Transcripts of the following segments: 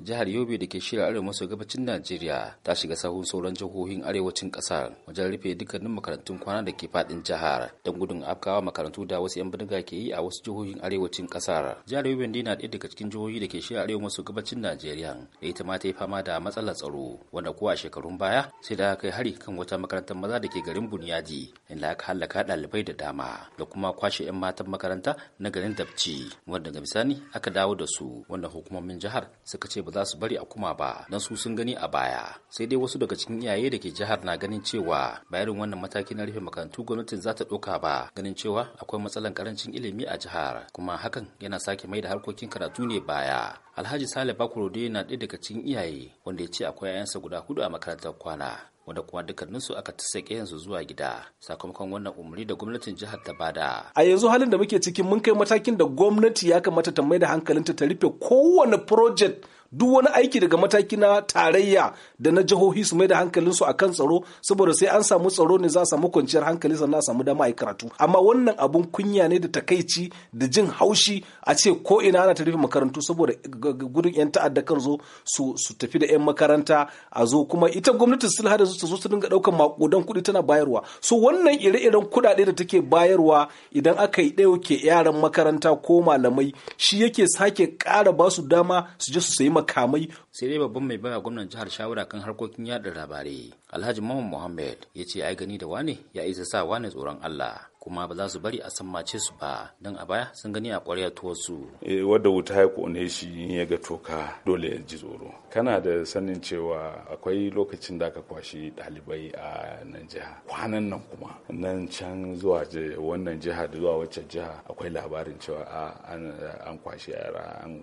jihar yobe da ke shirya arewa maso gabacin najeriya ta shiga sahun sauran jihohin arewacin kasar wajen rufe dukkanin makarantun kwana da ke fadin jihar don gudun afkawa makarantu da wasu yan bindiga ke yi a wasu jihohin arewacin kasar jihar yobe ndi na ɗaya daga cikin jihohi da ke shirya arewa maso gabacin najeriya da ita ma ta yi fama da matsalar tsaro wanda ko a shekarun baya sai da kai hari kan wata makarantar maza da ke garin bunyadi inda aka halaka ɗalibai da dama da kuma kwashe yan matan makaranta na garin dabci wanda daga bisani aka dawo da su wanda hukumomin jihar suka ce ba za su bari a kuma ba don su sun gani a baya sai dai wasu daga cikin iyaye da ke jihar na ganin cewa bayarin wannan mataki na rufe makarantu gwamnatin za ta ɗauka ba ganin cewa akwai matsalan karancin ilimi a jihar kuma hakan yana sake mai da harkokin karatu ne baya alhaji sale bakurode na ɗaya daga cikin iyaye wanda ya ce akwai 'ya'yansa guda hudu a makarantar kwana wanda kuma dukkaninsu aka ta sake yanzu zuwa gida sakamakon wannan umarni da gwamnatin jihar ta bada. A yanzu halin da muke ciki mun kai matakin da gwamnati ya kamata ta mai da hankalinta ta rufe kowane project duk wani aiki daga mataki na tarayya da na jihohi su mai da hankalinsu a kan tsaro saboda sai an samu tsaro ne za a samu kwanciyar hankali sannan a samu dama a karatu amma wannan abun kunya ne da takaici da jin haushi a ce ko ina ana ta rufe makarantu saboda gudun 'yan ta'adda kan zo su tafi da 'yan makaranta a zo kuma ita gwamnati sun hada su zo su dinga daukan makudan kuɗi tana bayarwa so wannan ire-iren kuɗaɗe da take bayarwa idan aka yi ɗauke yaran makaranta ko malamai shi yake sake ƙara ba su dama su je su sayi makamai sai dai babban mai baya gwamnan jihar shawara kan harkokin yada labarai alhaji muhammad ya ce ai gani da wane ya isa sa wane tsoron allah kuma ba za su bari a sammace su ba don a baya sun gani a ƙwarya su. E, wadda wuta ya kone shi ya ga toka dole ya ji tsoro. Kana da sanin cewa akwai lokacin da aka kwashi ɗalibai a nan jiha. Kwanan nan kuma nan can zuwa wannan jiha da zuwa wacce jiha akwai labarin cewa an kwashi yara an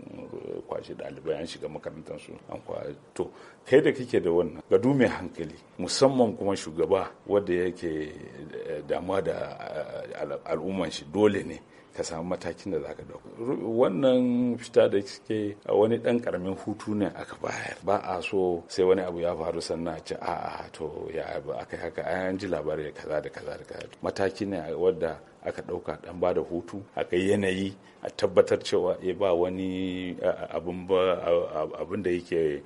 kwashi ɗalibai an shiga makarantar su an to kai da kake da wannan gado mai hankali musamman kuma shugaba wadda yake eh, damuwa da eh, al'umman shi dole ne ka samu matakin da za ka ɗauka wannan fita da suke a wani ɗan ƙaramin hutu ne aka bayar ba a so sai wani abu ya faru sannan a ce a'a to ya abu aka haka an ji labarai da kaza da kaza da kaza mataki ne wadda aka ɗauka ɗan ba da hutu a kai yanayi a tabbatar cewa e ba wani abin da yake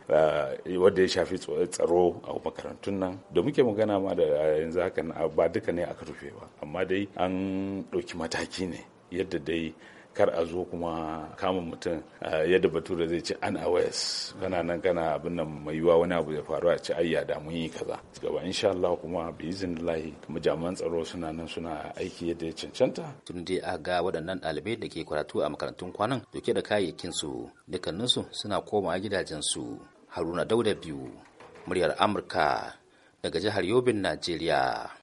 wadda ya shafi tsaro a makarantun nan da muke magana ma da yanzu haka ba duka ne aka rufe ba amma dai an ɗauki mataki ne yadda dai kar a zo kuma kama mutum yadda bature zai ci an awes kana nan kana abin nan mai yiwa wani abu ya faru a ci ayya da mun yi kaza gaba insha Allah kuma bi iznillahi kuma jami'an tsaro suna nan suna aiki yadda ya cancanta tun dai a ga waɗannan ɗalibai da ke karatu a makarantun kwanan doke da kayayyakin su dukkanin su suna komawa gidajen su Haruna Dauda biyu muryar Amurka daga jihar Yobin Najeriya